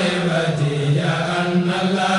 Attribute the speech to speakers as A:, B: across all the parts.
A: الغائبة يا أن الله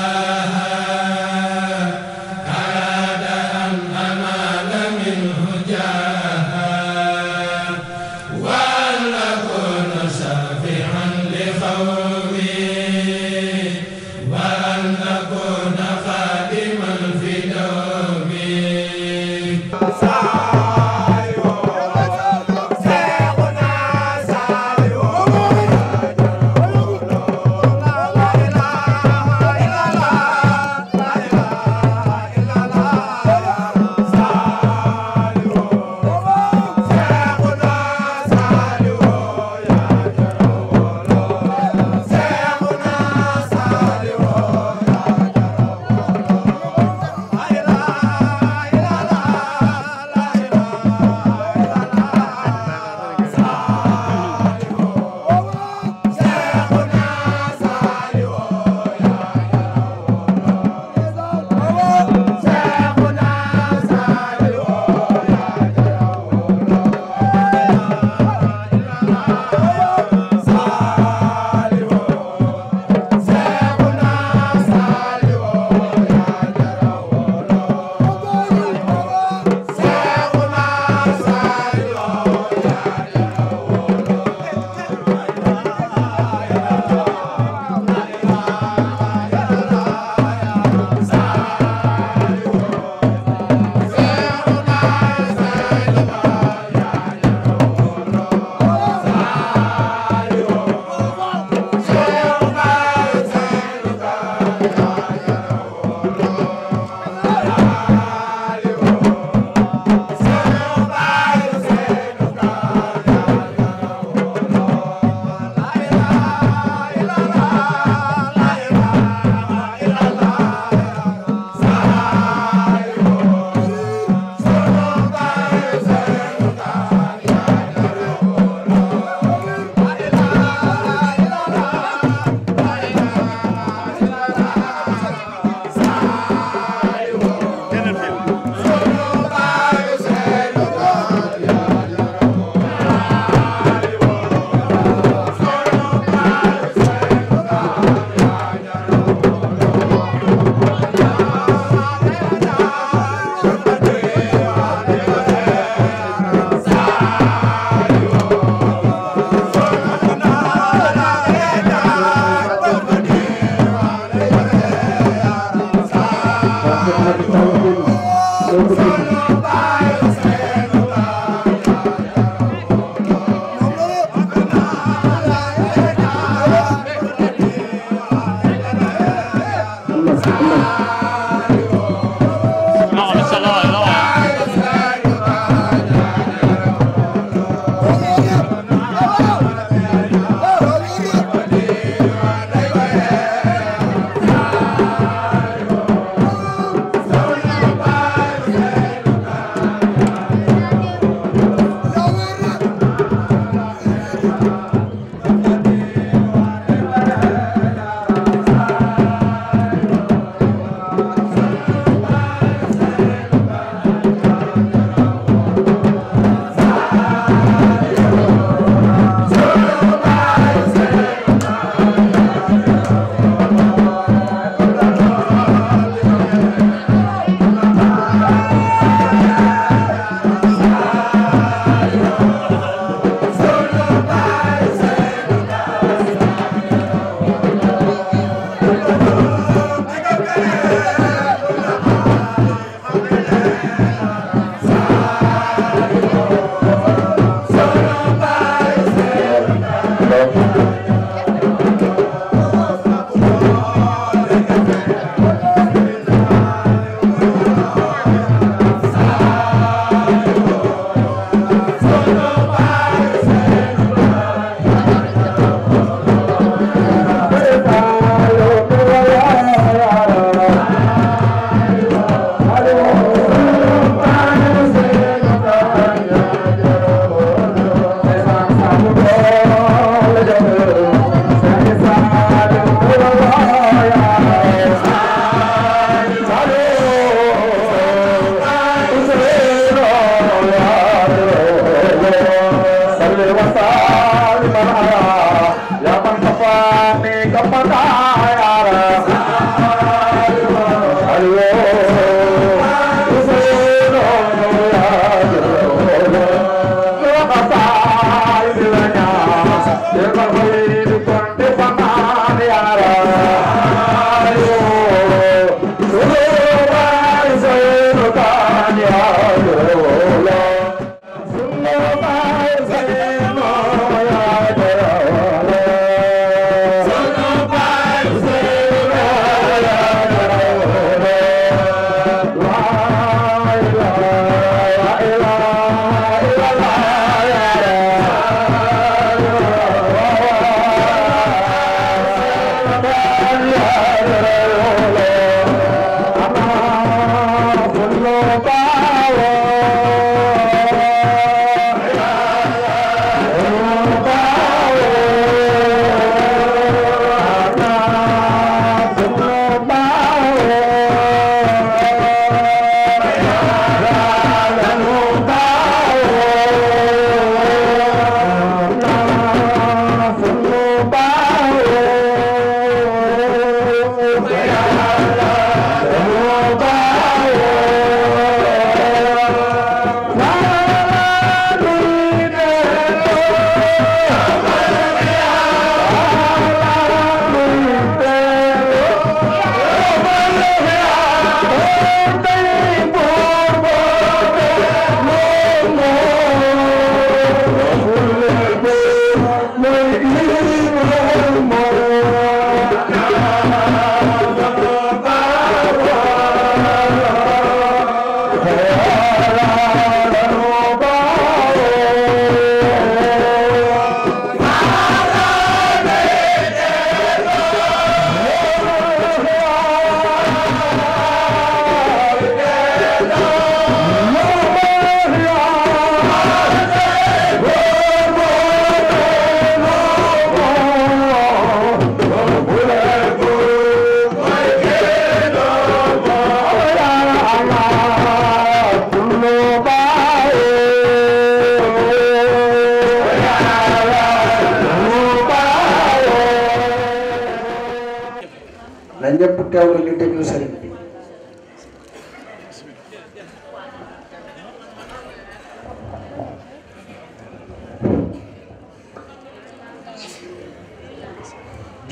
B: ñëpp teewlu ñu déglu sëriñ bi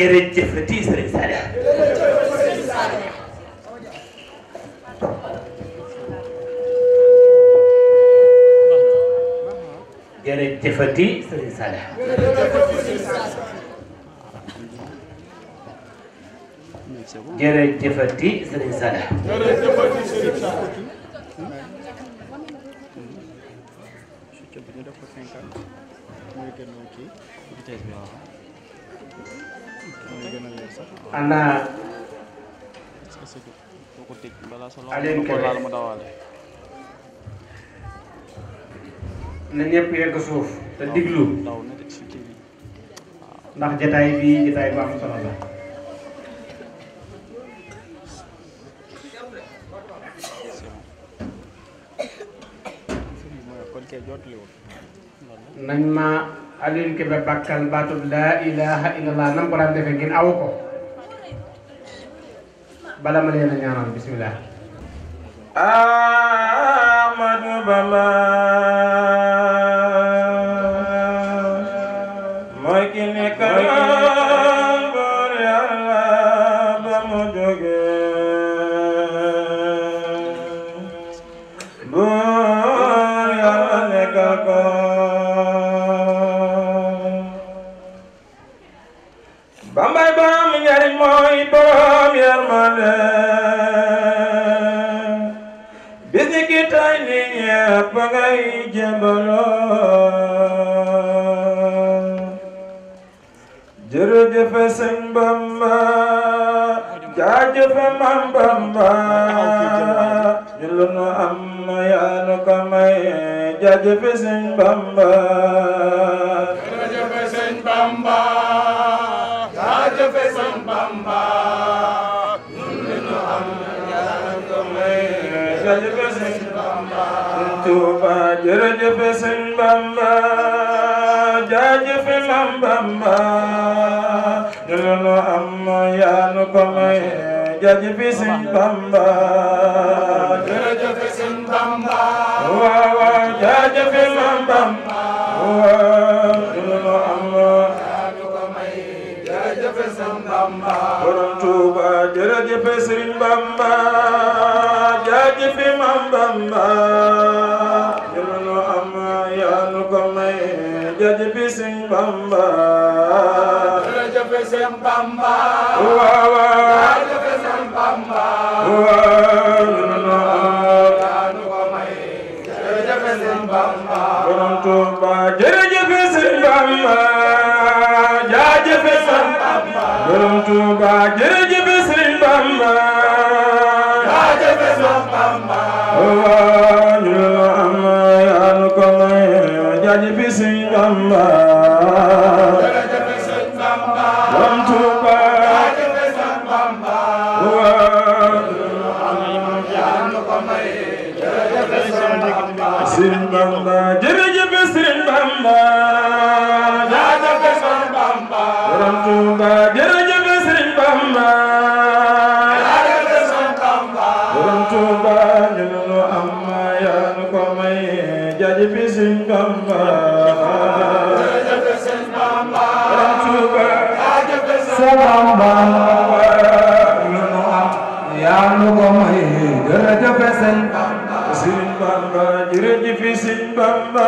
B: jërëjëf ti sëriñ Saaliw jërëjëf ti sëriñ Saaliw jërëjëfati sëriñ Sada ana Aliou Kébé na ñëpp yegg suuf te diglu
A: ndax jataay bi
B: jataay bu am solo la nañ ma Alioune Kébé bàkkal baatub laa ilaha illallah nam ko daan defee ngeen aw ko bala ma leen a ñaanal bismillah
A: Ahmadu Bamba Bamba jërëjëf sëñ Bamba waaw waaw jërëjëf sëñ Bamba waaw dunu amoo yaatu ko may jërëjëf sëñ Bamba borom Tuuba jërëjëf sëñ Bamba jërëjëf Maam Bamba dunu amoo yaatu ko may jërëjëf sëñ Bamba jërëjëf sëñ Bamba waaw waaw jërëjëf Sëriñ Bamba jërëjëf Sëñ Bamba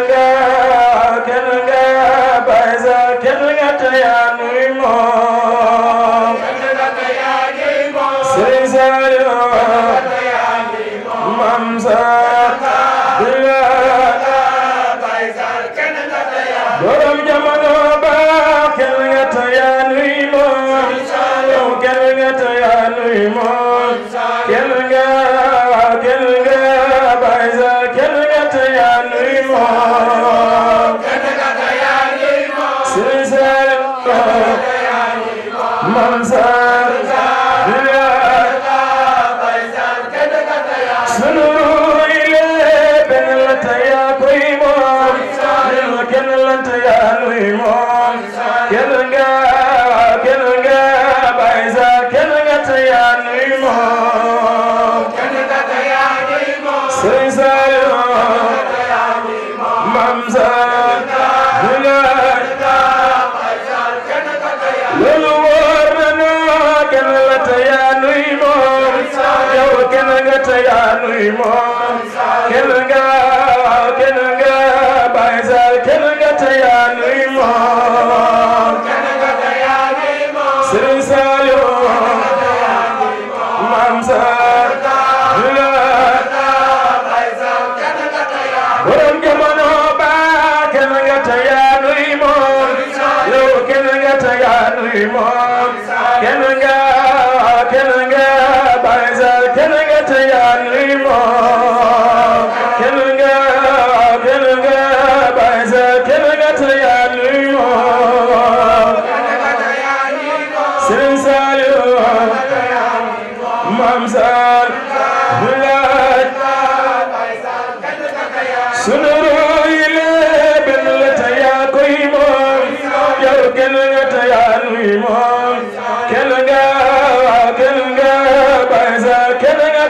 A: man sa te yaa nuy moom kenn nga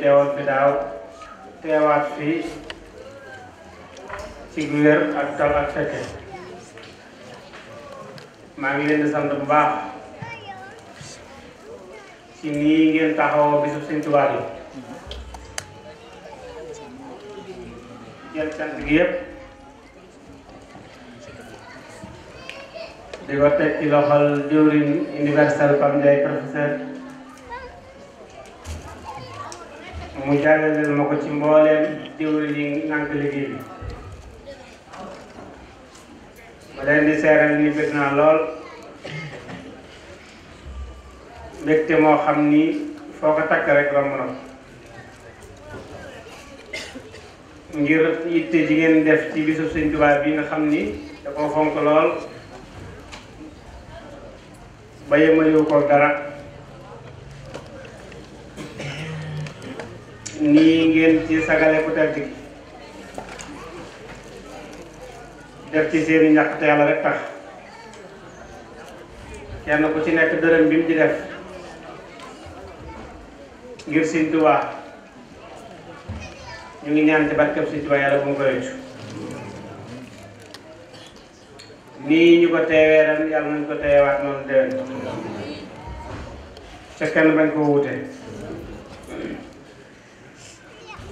B: teewoon fi daaw teewaat fii ci wér ak tal ak fekke maa ngi leen di sant bu baax ci nii ngeen taxawoo bisu Sëñ Tuubaa yi jël sant gi yëpp Pam Ndiaye professeur mu jàllale ma ko ci mbooleem jëwri yi nànk liggéey bi ma leen di seeral ni bëgg naa lool mbégte moo xam ni foo ko takk rek romb na ngir yitte ji ngeen def ci bisu seen Tuubaa bi nga xam ni da koo fonk lool ba yemalewu ko dara nii ngeen ci sagale ku tedd gi def ci seeni ñàkk te rek tax kenn ku ci nekk dërëm bi mu ci def ngir Sëñ Tuubaa ñu ngi ñaan ci barkeb Sëñ Tuubaa yàlla bu ko rëccu nii ñu ko teewee ren yàlla nañu ko teewaat noonu déwén te kenn bañ ko wuute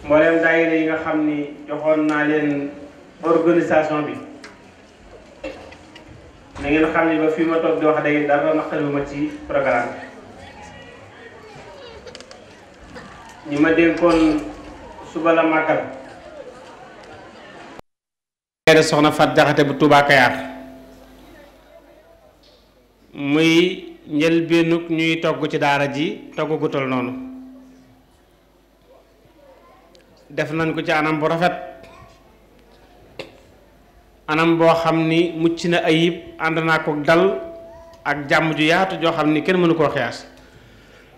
B: mbooleem daayira yi nga xam ni joxoon naa leen organisation bi na ngeen xam ni ba fii ma toog di wax day dara naqariwuma ci programme bi ñi ma dénkoon suba la màggal da soxna Fat bu Touba muy njëlbéenug ñuy togg ci daara ji togg gu noonu def nañ ko ci anam bu rafet anam boo xam ni mucc na ayib ànd naa ko dal ak jàmm ju yaatu joo xam ni kenn mënu koo xiyaas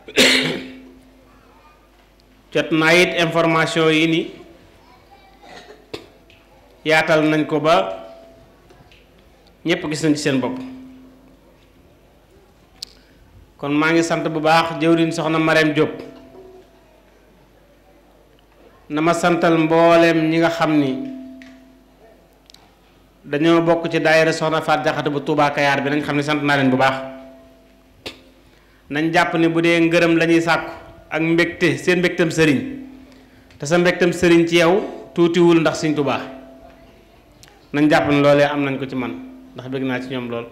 B: jot naa it information yi ni yaatal nañ ko ba ñépp gis nañ ci seen bopp kon maa ngi sant bu baax jëwriñ soxna Marème Diop na ma santal mbooleem ñi nga xam ni dañoo bokk ci daayira soxna Faat Jaxate bu Tuubaa Kayaar bi nañ xam ne sant naa leen bu baax nañ jàpp ni bu dee ngërëm lañuy ñuy sàkku ak mbégte seen mbégtam sëriñ te sa mbégtam sëriñ ci yow tuutiwul ndax Sëriñ Tuubaa nañ jàpp ni loolee am nañ ko ci man ndax bëgg naa ci ñoom lool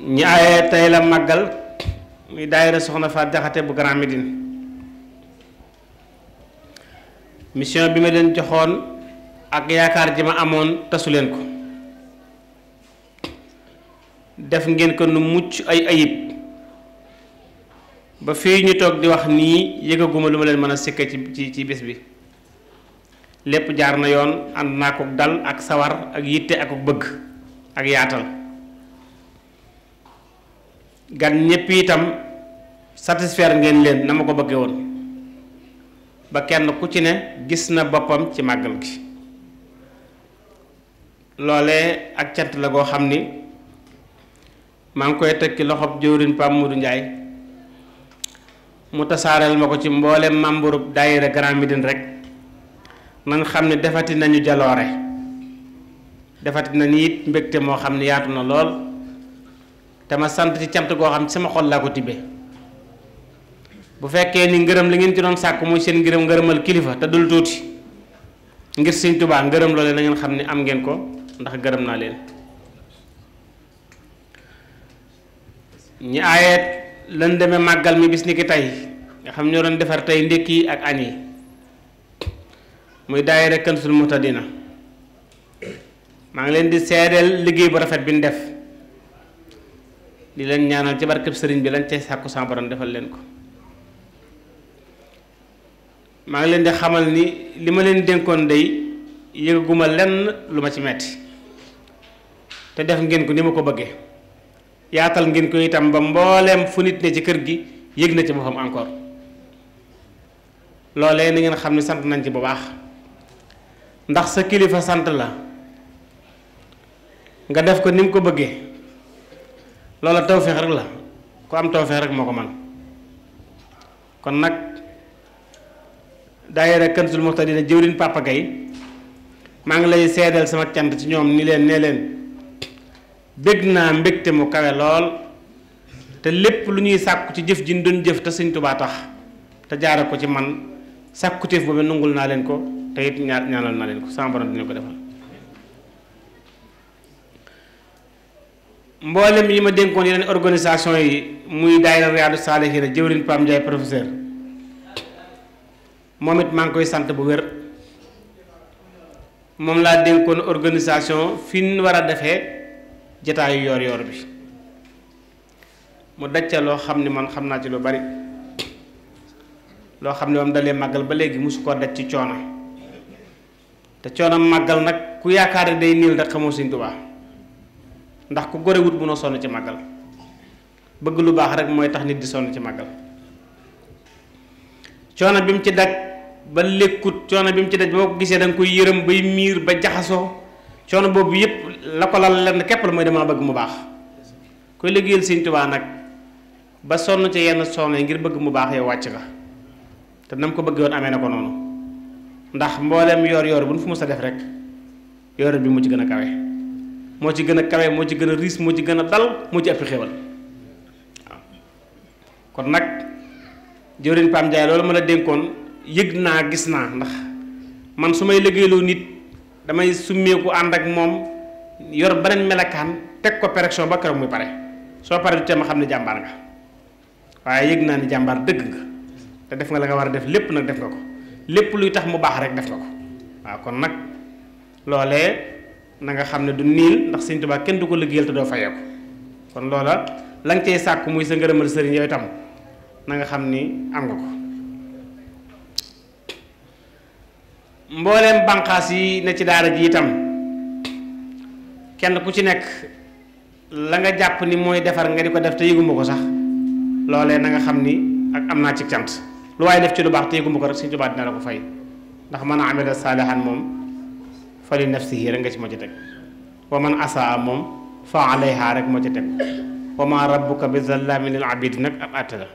B: ñi aaye tey la màggal muy daayira soxna Faat Jaxate bu Grand Médine mission bi ma leen joxoon ak yaakaar ji ma amoon tasu leen ko def ngeen ko nu mucc ay ayib ba fii ñu toog di wax nii yëgaguma lu ma leen mën a sikka ci ci bés bi lépp jaar na yoon ànd naa ko dal ak sawar ak yitte ak bëgg ak yaatal gan ñépp itam satisfaire ngeen leen na ma ko bëggee woon ba kenn ku ci ne gis na boppam ci màggal gi loolee ak cant la goo xam ni maa ngi koy tekki loxob jëwriñ Pam Modou njaay mu tasaareel ma ko ci mboolem membre daayira Grand Médine rek nañ xam ne defati nañu jaloore defati nañu it mbégte moo xam ne yaatu na lool te ma sant ci cant goo xam ci sama xol laa ko tibbee bu fekkee ni ngërëm li ngeen ci doon sàkk muy seen ngërëm ngërëmal kilifa te dul tuuti ngir sëñ Tuubaa ngërëm loole na ngeen xam ne am ngeen ko ndax gërëm naa leen ñi aayeet lan deme màggal mi bis ni ki tey nga xam ñoo doon defar tey ndékk yi ak añ yi muy daayira Kanzul Muhtadina maa ngi leen di seedeel liggéey bu rafet bi nu def di leen ñaanal ci barkeb sëriñ bi lañ cay sàkku sa borom defal leen ko maa ngi leen di xamal ni li ma leen dénkoon day yëgaguma lenn lu ma ci metti te def ngeen ko ni ma ko bëggee yaatal ngeen ko itam ba mbooleem fu nit ne ci kër gi yëg na ci boppam encore loolee na ngeen xam ne sant nañ ci bu baax ndax sa kilifa sant la nga def ko ni mu ko bëggee loola tawféex rek la ku am tawféex rek moo ko man kon nag daayira Kanzul Muhtadina jëwriñ Papa Gueye maa ngi lay seedal sama cant ci ñoom ni leen nee leen bég naa mbégte mu kawe lool te lépp lu ñuy sàkku ci jëf ji ñu doon jëf te Sëñ Tuubaa tax te jaare ko ci man sàkkuteef boobu nangul naa leen ko te it ñaar ñaanal naa leen ko sama borom dina ko defal mboolem yi ma dénkoon yeneen organisation yi muy daayira Riyaadu Saalihiin jëwriñ Pam Ndiaye professeur moom it maa ngi koy sant bu wér moom laa dénkoon organisation fi war a defee jataayu yoor yoor bi mu dacca loo xam ne man xam naa ci lu bari loo xam ne moom dalee màggal ba léegi mosu koo daj ci coono te coono màggal nag ku yaakaar day niil rek xamoo Sëñ Tuubaa ndax ku gorewut bu noo sonn ci màggal bëgg lu baax rek mooy tax nit di sonn ci màggal coono bi mu ci daj ba lekkut coono bi mu ci daj boo ko gisee da koy yërëm bay miir ba jaxasoo coono boobu yëpp la ko lal lenn képp la mooy damaa bëgg mu baax kuy liggéeyal Sëñ Tuubaa nag ba sonn ci yenn sonn yi ngir bëgg mu baax yow wàcc nga te nam ko bëgg woon amee na ko noonu ndax mboolem yoor yoor bu nu fu mu sa def rek yoor bi mu ci gën a kawe moo ci gën a kawe moo ci gën a riis moo ci gën a dal moo ci ëpp xéwal kon nag jëwriñ Pam Ndiaye loolu ma la dénkoon yëg naa gis naa ndax man su may liggéeyloo nit damay summeeku ànd ak moom yor beneen melakaan teg ko pérection ba keroog muy pare soo pare du tee ma xam ne jàmbaar nga waaye yëg naa ni jàmbaar dëgg nga te def nga la nga war a def lépp nag def nga ko lépp luy tax mu baax rek def nga ko waaw kon nag loolee na nga xam ne du niil ndax sëñ Tuubaa kenn du ko liggéeyal te doo fayee ko kon loola la nga cay sàkku muy sa ngërëmal sëriñ yooyu tam na nga xam ni am ko mbooleem banqaas yi ne ci daara ji itam kenn ku ci nekk la nga jàpp ni mooy defar nga di ko def te yëguma ko sax loolee na nga xam ni ak am naa ci cant lu waaye def ci lu baax te yëguma ko rek sëñ Tuubaa dina la ko fay ndax mën a amela saalihan moom fa li nafsihi rek nga ci moo ci teg wa man asaa moom fa alayha rek moo ci teg wa ma rabbuka bi zallamin abid nag ab àtte la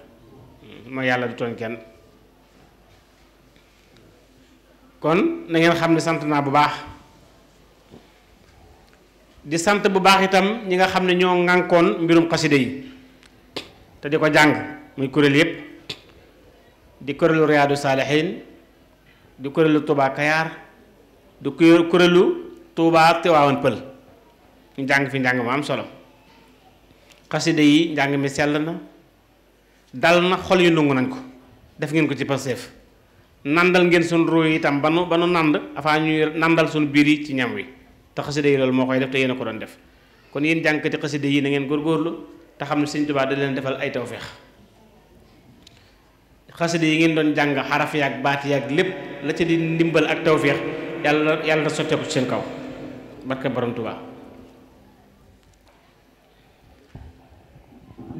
B: mooy yàlla di tooñ kenn kon na xam ne sant naa bu baax di sant bu baax itam ñi nga xam ne ñoo ŋànkoon mbirum xasida yi te di ko jàng muy kuréel yépp di kuréelu riyaadu saalixiin di kuréelu tubaa kayaar du kuréelu Tuubaa te Tiwaawan Pël ñu fi njàng mu am solo xasida yi njàng mi sell na dal na xol yu nangu nañ ko def ngeen ko ci pasteef nandal ngeen suñ ruu itam ba nu ba nu nand afaa ñuy nandal suñ biir yi ci ñam wi te xasida yi loolu moo koy def te yéen ko doon def kon yéen jàngkati xasida yi na ngeen góorgóorlu te xam ne Sëñ Tuubaa da leen defal ay tawféex xasida yi ngeen doon jàng xaraf yaak baat yaak lépp la ca di ndimbal ak tawféex yàlla yàlla sotteeku ci seen kaw barke borom Tuubaa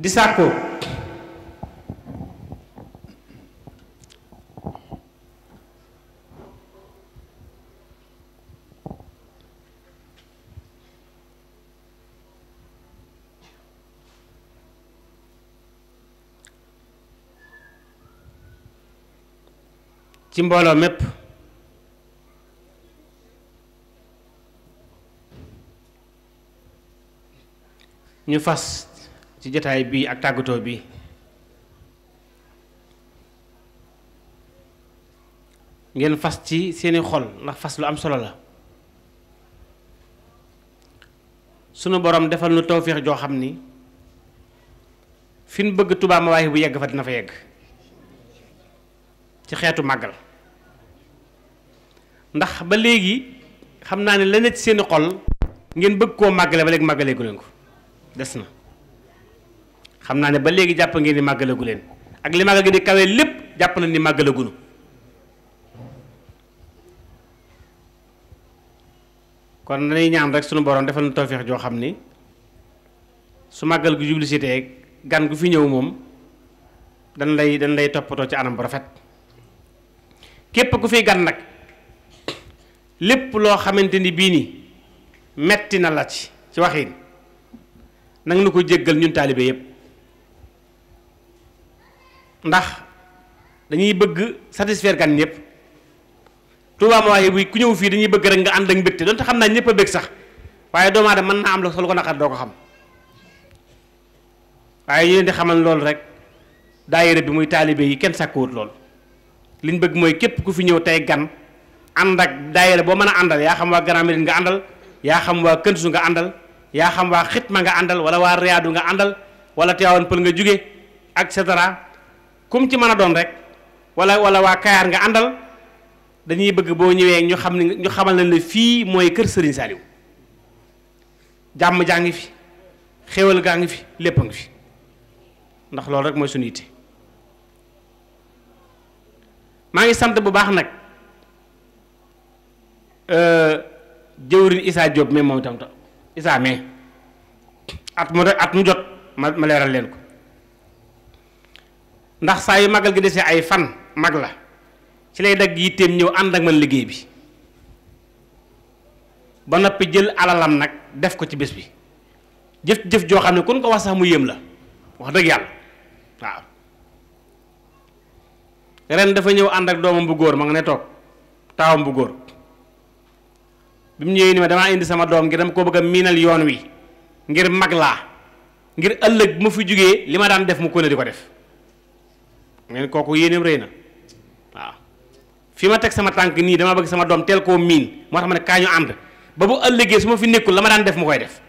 B: di sàkku ci mbooloo mépp ñu fas ci jataay bii ak tàggatoo bi ngeen fas ci seeni xol ndax fas lu am solo la sunu boroom defal nu tawféex joo xam ni fi nu bëgg Touba Mawahibou bu yegg fa dina fa yegg ci xeetu màggal ndax ba léegi xam naa ne la ci seeni xol ngeen bëgg koo màggale ba léegi màggaleegu leen ko des na xam naa ne ba léegi jàpp ngeen ni màggalagu leen ak li màggal gi di kawee lépp jàpp na ni màggalagunu kon dañuy ñaan rek sunu borom defal na tawféex joo xam ne su màggal gu jubli si gan gu fi ñëw moom dañ lay dañ lay toppatoo ci anam bu rafet képp ku fiy gan nag lépp loo xamante ni bii ni metti na la ci ci waxin nang nu ko jéggal ñun taalibe yëpp ndax dañuy bëgg satisfaire gan ñëpp Touba Mawahibou ku ñëw fii dañuy bëgg rek nga ànd ak mbégte donte xam naa ñëpp a bég sax waaye doomu aadama mën naa am la solo ko naqar doo ko xam waaye ñu leen di xamal loolu rek daayira bi muy taalibe yi kenn sàkkuwut lool liñ bëgg mooy képp ku fi ñëw tey gan ànd ak daayira boo mën a àndal yaa xam waa Grand Médine nga àndal yaa xam waa Kënsu nga àndal yaa xam waa xitma nga àndal wala waa riyaadu nga àndal wala teewaan pël nga jóge ak cetera kum ci man a doon rek wala wala waa kayaar nga àndal dañuy bëgg boo ñëwee ñu xam ne ñu xamal na ne fii mooy kër Serigne Saliou jàmm jaa ngi fi xéwal gaa ngi fi lépp a ngi fi ndax loolu rek mooy suñu yitte maa ngi sant bu baax nag euh, jëwriñ Issa Diop mais moom itam isaamee at mu at mu jot ma ma leeral leen ko ndax saa yu magal gi desee ay fan mag la ci lay dagg yitteem ñëw ànd ak man liggéey bi ba noppi jël alalam nag def ko ci bés bi jëf jëf joo xam ne kun ko wax sax mu yéem la wax dëgg yàlla waaw ren dafa ñëw ànd ak doomam bu góor ma nga ne toog taawam bu góor bi mu ñëwee ni ma damaa indi sama doom ngir dama koo bëgg a miinal yoon wi ngir mag laa ngir ëllëg bu ma fi jógee li ma daan def mu ko ko def kooku yéeneem rëy na waaw fi ma teg sama tànk nii dama bëgg sama doom teel koo miin moo tax ma ne kaa ñu ànd ba bu ëllëgee su ma fi nekkul la ma daan def mu koy def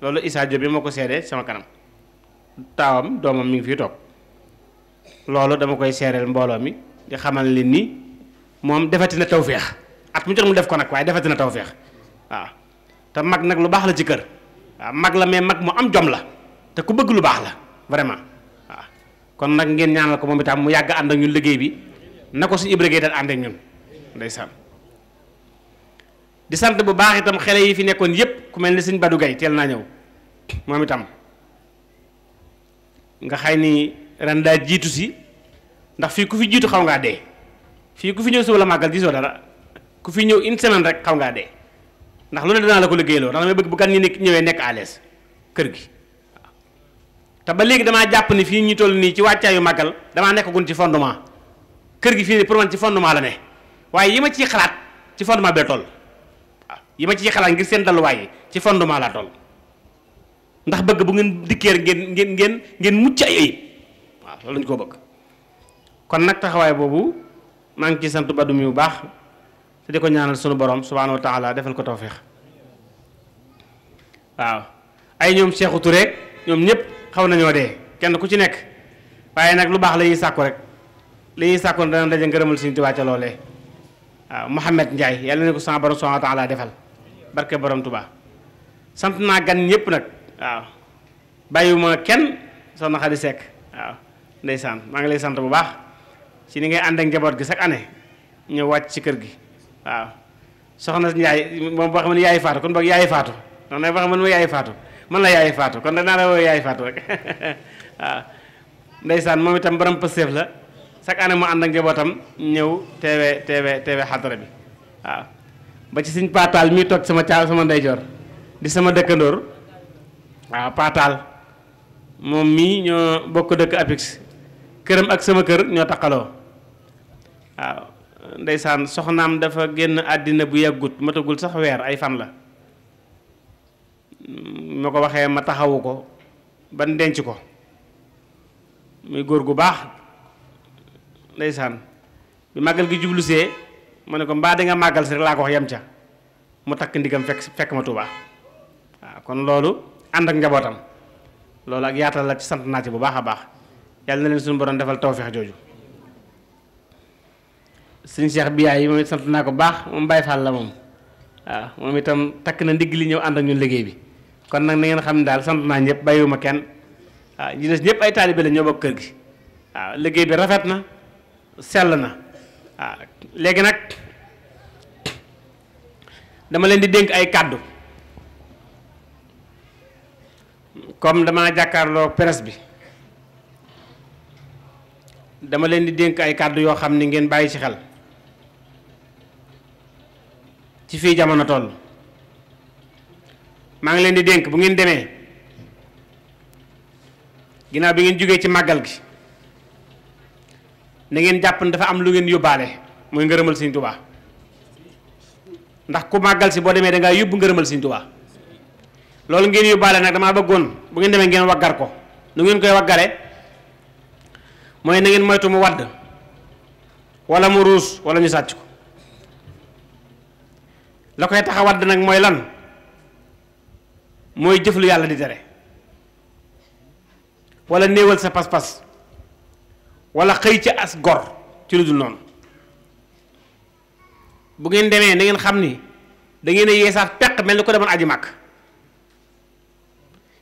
B: loolu Issa bi ma ko seedee sama kanam taawam doomam mi ngi fii toog loolu dama koy seereel mbooloo mi di xamal leen ni moom defati na tawféex at mu jot mu def ko nag waaye defati na tawféex waaw te mag nag lu baax la ci kër waaw mag la mais mag mu am jom la te ku bëgg lu baax la vraiment waaw kon nag ngeen ñaanal ko moom itam mu yàgg ànd ak ñun liggéey bi na ko suñu Ibra Gueye daan ànd ak ñun di sant bu baax itam xale yi fi nekkoon yépp ku mel ni suñ Badou Gueye teel naa ñëw moom itam nga xay ni ren daal jiitu si ndax fii ku fi jiitu xaw ngaa dee fii ku fi ñëw suba la màggal gisoo ku fi ñëw une semaine rek xam ngaa dee ndax lu ne danaa la ko liggéeyloo ndax damay bëgg bu gan ñi nekk ñëwee nekk alees kër gi te ba léegi damaa jàpp ni fii ñu toll nii ci wàccaayu màggal damaa nekkagun ci fondement kër gi fii pour man ci fondement la ne waaye yi ma ciy xalaat ci fondement bee toll waaw yi ma ciy xalaat ngir seen dalluwaay yi ci fondement laa toll ndax bëgg bu ngeen dikkeer ngeen ngeen ngeen ngeen mucc ay ayib waaw loolu lañu ko bëgg kon nag taxawaay boobu maa ngi ciy sant Badum yu baax. te di ko ñaanal sunu borom subhaanahu wa defal ko tawféex waaw ay ñoom Seexu rek ñoom ñëpp xaw nañoo dee kenn ku ci nekk waaye nag lu baax la ñuy sàkku rek li ñuy sàkku dana daje ngërëmal suñu Tuubaa ca loolee waaw Mouhamed Ndiaye yàlla na ko sama borom subhaanahu wa defal barke borom Tuubaa sant naa gan ñëpp nag waaw ma kenn soxna Xadi Sekk waaw sant maa ngi lay sant bu baax ci ni ngay ànd ak njaboot gi chaque année ñëw wàcc ci kër gi. waaw soxna Njaay moom boo xam ne yaay faatu kon boo xam ne ma yaay faatu man la yaay faatu kon danaa la woo yaay faatu rek waaw ndeysaan moom itam borom pësteef la chaque année mu ànd ak njabootam ñëw teewe teewe teewe bi waaw ba ci suñ paataal mi toog sama caa sama ndeyjoor di sama dëkkandoor waaw paataal moom mii ñoo bokk dëkk apix këram ak sama kër ñoo taqaloo waaw ndeysaan soxnaam dafa génn àddina bu yàggut matagul sax weer ay fan la mm, ma ko waxee ma taxawu ko ban denc ko muy góor gu baax ndeysaan bi màggal gi jublu see ma ne ko mbaa di nga màggal si rek laa ko wax yem ca mu takk ndigam fekk fekk ma Tuubaa waaw kon loolu ànd ak njabootam loolu ak yaatal la ci sant naa bu baax a baax yàlla na leen suñu borom defal tawfeex jooju sëñ Cheikh Biyaay yi moom it sant naa ko baax moom Baye Fall la moom waaw moom itam takk na ndigg li ñëw ànd ak ñu liggéey bi kon nag na ngeen xam ne daal sant naa ñëpp bàyyiwuma kenn waaw ñi des ñëpp ay taalibe la ñoo bokk kër gi waaw liggéey bi rafet na sell na léegi nag dama leen di dénk ay kàddu comme dama jàkkaarloo presse bi dama leen di dénk ay kàddu yoo xam ni ngeen bàyyi ci xel ci fii jamono toll maa ngi leen di dénk bu ngeen demee ginnaaw bi ngeen jógee ci màggal gi na ngeen jàpp ne dafa am lu ngeen yóbbaale mooy ngërëmal Sëñ Tuubaa ndax ku màggal si boo demee da ngaa yóbbu ngërëmal Sëñ Tuubaa loolu ngeen yóbbaale nag damaa bëggoon bu ngeen demee ngeen waggar ko lu ngeen koy waggare mooy na ngeen moytu mu wadd wala mu ruus wala ñu sàcc ko la koy tax a mooy lan mooy jëf lu yàlla di tere wala néewal sa pas-pas wala xëy ci as gor ci lu dul noonu bu ngeen demee na ngeen xam ni da ngeen a yeesaat peq mel ni ko demoon aji màkk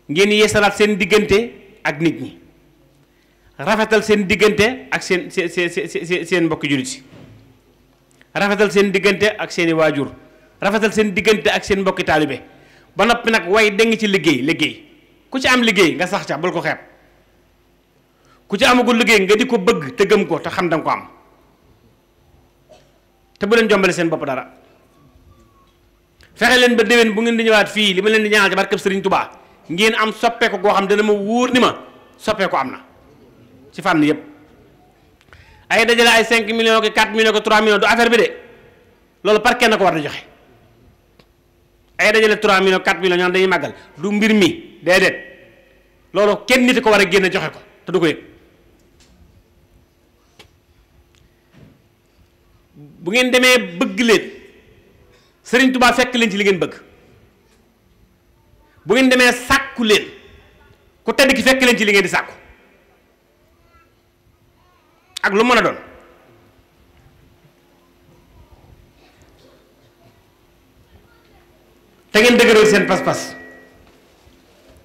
B: ngeen yeesalaat seen diggante ak nit ñi rafetal seen diggante ak seen seen seen seen mbokki jullit si rafetal seen diggante ak seeni waajur rafetal seen diggante ak seen mbokki taalibe ba noppi nag way deng ci liggéey liggéey ku ci am liggéey nga sax ca bul ko xeeb ku ci amagul liggéey nga di ko bëgg te gëm ko te xam danga ko am te bu leen jombale seen bopp dara fexe leen ba déwén bu ngeen di ñëwaat fii li ma leen di ñaanal ci barkeb Sëriñ Tubaa ngeen am soppeeku koo xam dana ma wóor ni ma soppeeku am na ci fànn yépp ay dajale ay 5 million ki 4 millions ki 3 millions du affaire loolu par kenn ko war joxe ay dajale 3 millions 4 millions ñoo dañuy màggal du mbir mi déedéet loolu kenn nit ko war a génne joxe ko te du ko yëg bu ngeen demee bëgg leen Sëriñ Tuubaa fekk leen ci li ngeen bëgg bu ngeen demee sàkku leen ku tedd ki fekk leen ci li ngeen di sàkku ak lu mën a doon te ngeen dëgëral seen pas-pas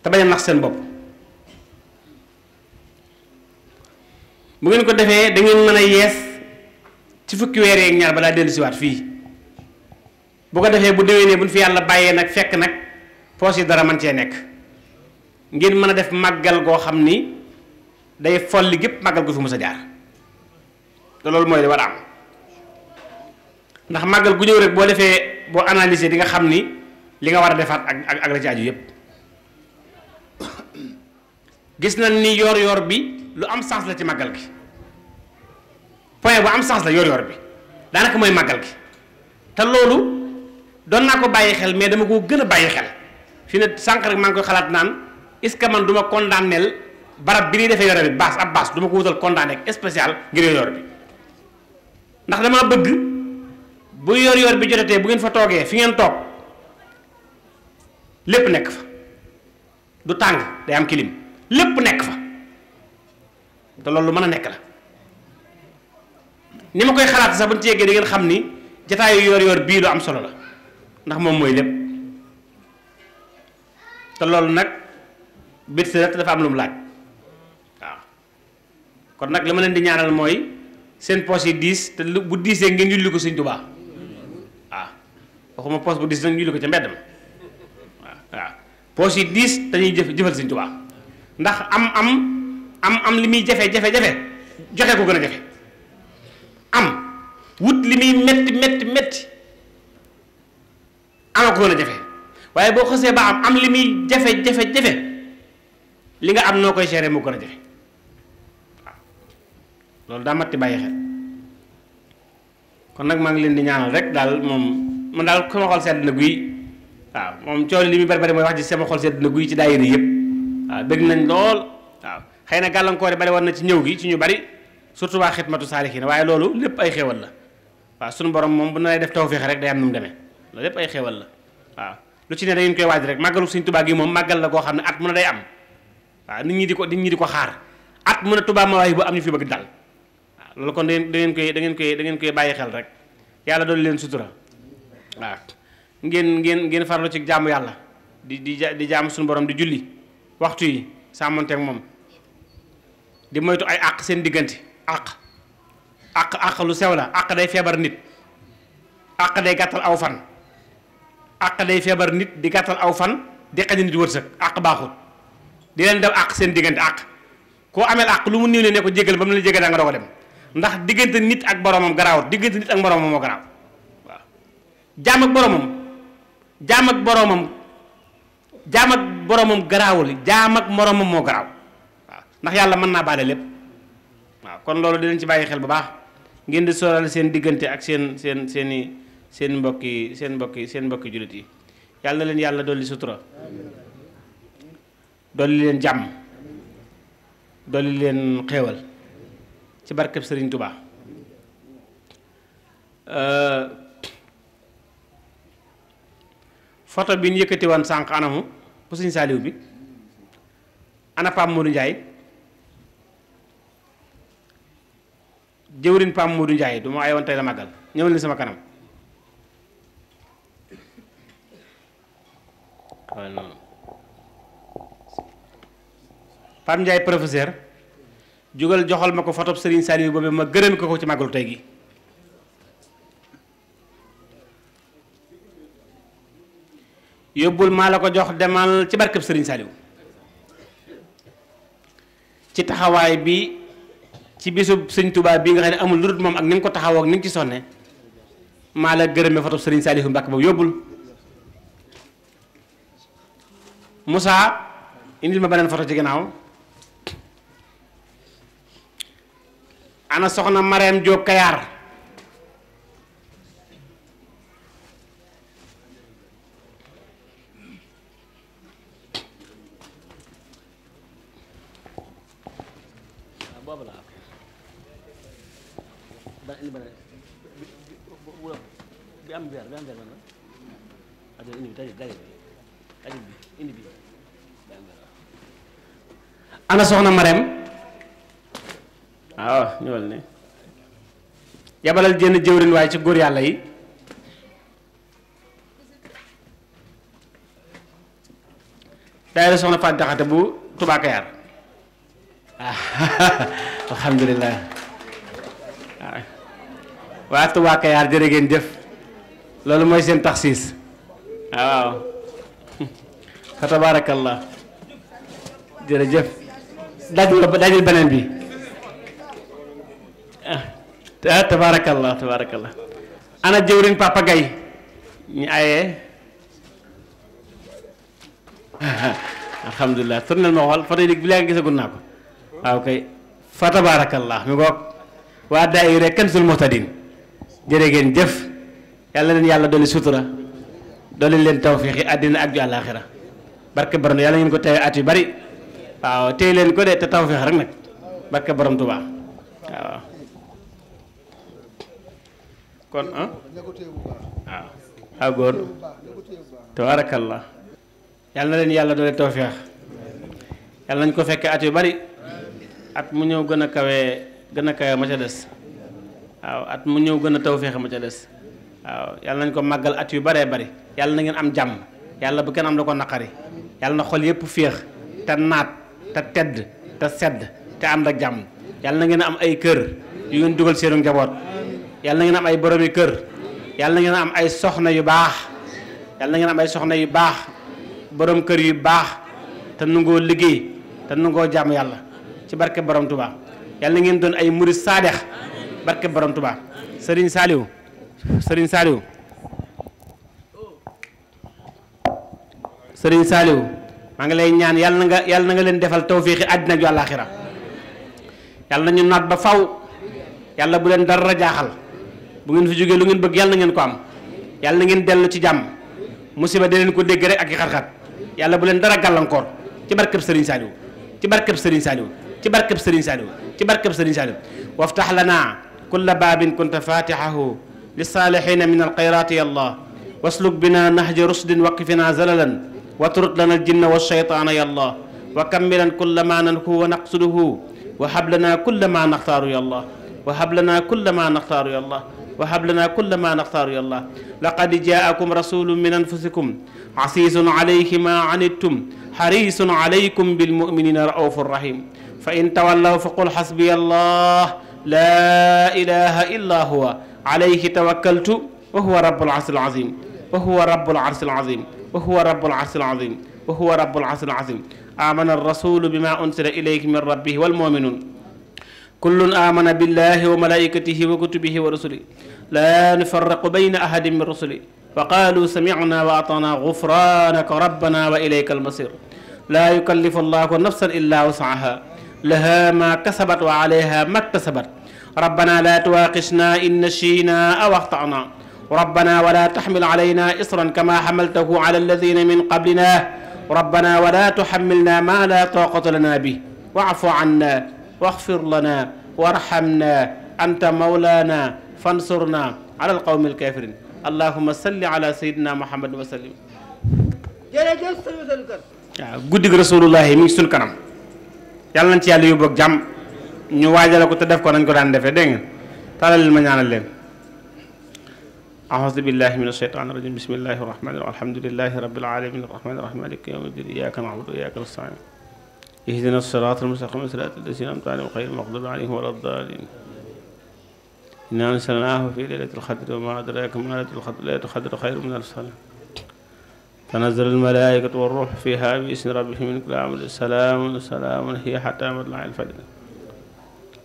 B: te bañ a nax seen bopp bu ngeen ko defee dangeen mën a yees ci fukki weer yeeg ñaar balaa dellu siwaat fii bu ko defee bu déwénee buñ fi yàlla bàyyee nag fekk nag poos yi dara man cee nekk ngeen mën a def màggal goo xam ni day folli gépp màggal gu fi mës a jaar te loolu mooy li war a am ndax màggal gu ñëw rek boo defee boo analyser di nga xam ni li nga war a defaat ak ak ak la ci yépp gis na ni yoor yoor bi lu am sens la ci màggal gi point bu am sens la yoor yoor bi daanaka mooy màggal gi te loolu doon naa ko bàyyi xel mais dama koo gën a bàyyi xel fi ne sànq rek maa ngi koy xalaat naan est-ce que man duma ma barab bi ñuy defee yore bi baas ab baas duma ko wutal condamné spécial ngir yoor yoor bi ndax dama bëgg bu yoor yoor bi jotatee bu ngeen fa toogee fi ngeen toog lépp nekk fa du tàng day am kilim lépp nekk fa te loolu lu mën a nekk la ni ma koy xalaat sax bu ñu ci yeggee xam ni jataayu yoor yor bii lu am solo la ndax moom mooy lépp te loolu nag biir si dafa am lu mu laaj waaw kon nag li ma leen di ñaanal mooy seen poche yi diis te bu diisee ngeen julli ko Sëñ Tuubaa waaw waxuma poche bu diis nag ñu julli ko ca mbedd ma waaw poche yi diis dañuy jëf jëfal Sëñ Tuubaa ndax am am am am li muy jafe jafe jafe joxe ko gën a jafe am wut li muy metti metti metti ama ko gën a jafe waaye boo xësee ba am am li muy jafe jafe jafe li nga am noo koy géré moo gën a jafe waaw loolu daa matti bàyyi xel kon nag maa ngi leen di ñaanal rek daal moom man daal sama xol sedd na guy waaw moom coono li muy bari bari mooy wax ci sama xol sedd na guy ci daayira yëpp waaw bëgg nañ lool waaw xëy na gàllankoor bari war na ci ñëw gi ci ñu bari surtout waa xidmatu saalixiina waaye loolu lépp ay xéewal la waaw suñu borom moom bu na lay def tawféex rek day am nu mu demee loolu lépp ay xéewal la waaw lu ci ne da ngeen koy waaj rek màggalu Sëñ Tuubaa gi moom màggal la koo xam ne at mu ne day am waaw nit ñi di ko nit ñi di ko xaar at mu ne Tuubaa ma waaye bu am ñu fi bëgg dal waaw kon da ngeen koy da ngeen koy da ngeen koy bàyyi xel rek yàlla doon leen sutura waaw ngeen ngeen ngeen farlu ci jaamu yàlla di di di jaamu suñu borom di julli waxtu yi sàmmonteeg moom di moytu ay àq seen diggante àq àq àq lu sew la àq day feebar nit àq day gàttal aw fan àq day feebar nit di gàttal aw fan di xañ nit wërsëg àq baaxut di leen def àq seen diggante àq koo ameel àq lu mu néew ne ne ko jégal ba mu la jégal da nga dem ndax diggante nit ak boroomam garaawut diggante nit ak boromam moo garaaw waaw jaam ak boromam jaam ak boroomam jaam ak boroomam garaawul jaam ak moroomam moo garaaw waaw ndax yàlla mën naa baale lépp waaw kon loolu dinañ ci bàyyi xel bu baax ngeen di sóoraale seen diggante ak seen seen seeni i seen mbokki seen mbokki seen mbokki jullit yi yàlla leen yàlla dolli sutura dolli leen jàmm dolli leen xéewal ci barkeb Sëriñ Tuubaa euh, photo bii ñu yëkkati woon sànq anamu bu sëñ Saaliw bi ana Pape Modou Ndiaye jëwrin Pape Modou Ndiaye du ma ayoon tey la màggal ñëwal ni sama kanam waaw noonu Pape Ndiaye professeur jógal joxal ma ko photo Serigne Saliou boobu ma gërëm ko ko ci màggalu tey gi yóbbul maa la ko jox demal ci barkeb sëriñ Saliou ci taxawaay bi ci bisub sëñ tubaab bi nga xam ne amul lu dul moom ak ni nga ko taxawoo ak ni nga ci sonne maa la gërëmee foto sëriñ Saliou Mbàkke boobu yóbbul Moussa indil ma beneen foto ci ginnaaw ana soxna Mareem Jóob Kayaar ana soxna Marème ah, waaw ñëwal ne yabalal jenn jëwrin waaye ci góor yàlla yi daayira soxna Faat bu Touba Kayar alhamdulilah ah. waa Touba Kayar jëf loolu mooy seen taxsiis ah, waaw fa tabarakallah jërëjëf dajul dajul beneen bi ah, ah tabaarakallah tabaarakallah ana jëwriñ Papa Gaye ñu ayee ah, alhamdulilah tournel ma xool foto yi bi léegi gisagul naa ko waaw ah, kay fa tabaarakallah mi ngoog waa daayira Kanzul Muhtadin jërë ngeen jëf yàlla leen yàlla dolli sutura dolli leen tawfiixi àddina ak ju àllaaxira barke barno yàlla ngeen ko teewee at yu bari waaw téye leen ko de te taw feex rek nag barke borom Tuubaa waaw kon ah waaw waaw góor tabaarakallah yal na leen yàlla doole taw feex yàlla nañ ko fekkee at yu bari at mu ñëw gën a kawee gën a kawee ma ca des waaw at mu ñëw gën a taw feexe ma ca des waaw yàlla nañ ko màggal at yu baree bari yàlla na ngeen am jàmm yàlla bu kenn am la ko naqari yàlla na xol yëpp féex te naat te tedd te sedd te ànd ak jàmm yàlla na ngeen am ay kër yu ngeen dugal seenu njaboot yàlla na ngeen am ay boromi kër yàlla na ngeen am ay soxna yu baax yàlla na am ay soxna yu baax borom kër yu baax te nangoo liggéey te nangoo jàmm yàlla ci barke borom Touba yàlla na ngeen doon ay muri saadex barke borom Touba sëriñ saaliw sëriñ Saliou Serigne Saliou maa ngi lay ñaan yàlla na nga yàlla na nga leen defal tawfiixi àddina ju àllaaxira yàlla na ñu naat ba faw yàlla bu leen dara jaaxal bu ngeen fi jógee lu ngeen bëgg yàlla na ngeen ko am yàlla na ngeen dellu ci jàmm musiba da leen ko dégg rek ak i xat-xat yàlla bu leen dara gàllankoor ci barkeb Serigne Saliou ci barkeb Serigne Saliou ci barkeb Serigne Saliou ci barkeb Serigne Saliou waftax lana kulla baabin kunta fatixahu lisaalixiina min alxayraati ya allah wasluk bina nahja rusdin waqifina zalalan watrut lana aljinna walcheytaana ya allah wa kammilan kulla ma nanhu wa naqsuduhu wa hablana kulla ma naxtaaru ya allah wa hablana kulla ma naxtaaru ya allah wa hablana kulla ma naxtaaru ya allah laqad jaakum rasulun min anfusikum asiisun alayhi ma anittum xarisun alaykum bilmuminina raufun rahim fa in tawallaw fa qul xasbiya allah laa ilaha illa huwa alayhi tawakkaltu wa huwa rabbul arsil azim wa huwa rabbul arsil azim wa huwa rabbul arsil azim wa huwa rabbul arsil azim amana arrasulu bima unsila ilayhi min rabbihi wal muminun kullun amana billahi wa malaikatihi wa kutubihi wa rusuli la nufarraqu bayna ahadin min rusuli wa qalu samicna wa atana gufranaka rabbana wa ilayka almasir laa yukallifu allahu nafsan illa wasaha laha ma kasabat wa alayha ma ktasabat rabbana la tuwaqishna in nashina aw axtana ربنا ولا تحمل علينا إصرا كما حملته على الذين من قبلنا ربنا ولا تحملنا ما لا طاقة لنا به واعف عنا واغفر لنا وارحمنا أنت مولانا فانصرنا على القوم الكافرين اللهم صل على سيدنا محمد وسلم
A: jërëjëf sëñ Bassirou
B: waaw guddi gi rasulullahi mi ngi suñ kanam yàlla nañ ci yàlla yóbbu ak jàmm ñu waajale ko te def ko nañ ko daan defee dégg nga tàllal ma ñaanal leen ahousu billahi min asheytaan irajim bismillahi irrahmani irrahim alhamdulilahi rabbil alamin irrahmani irrahim maliki yawmi ddin iyyaka na'budu wa iyyaka nasta'in ihdina siraatal mustaqim siraatal lazina an'amta alayhim ghayril maghdubi alayhim wa laddaalliin innaa anzalnaahu fii laylatil qadri wa maa adraaka maa laylatul qadri laylatul qadri khayrun min alfi shahr tanazzalul malaa'ikatu war-ruuhu fiihaa bi izni rabbihim min kulli amrin salaamun salaamun hiya hattaa matla'il fajr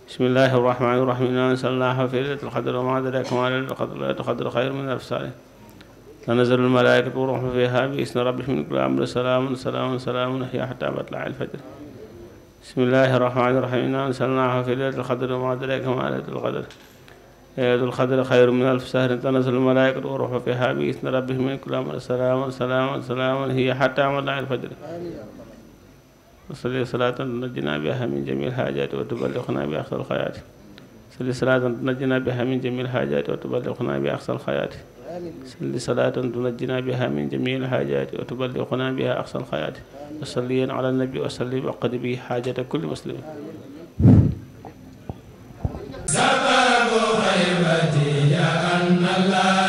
B: bismillahi irrahmani irrahim inaa ansalnaaha fi laylatil qadr wa maa adraaka maa laylatul qadr laylatul qadr xayrun min alfi shahr tanazzalul malaa'ikatu war ruuhu fiihaa bi izni rabbihim min kulli amrin salaamun salaamun salaamun hiya hattaa matla'il fajr bismillahi irrahmani irrahim inaa ansalnaaha fi laylatil qadr wa maa adraaka maa laylatul qadr laylatul qadr xayrun min alfi shahr tanazzalul malaa'ikatu war ruuhu fiihaa bi izni rabbihim min kulli amrin salaamun salaamun salaamun hiya hattaa matla'il fajr وصلي صلاة تنجنا بها من جميع الحاجات وتبلغنا بأقصى الخيات صلي صلاة تنجنا بها من جميع الحاجات وتبلغنا بأقصى الخيات صلي صلاة تنجنا بها من جميع الحاجات وتبلغنا بها أقصى الخيات وصليا على النبي وسلم وقد به حاجة كل مسلم سبب هيبتي يا أن الله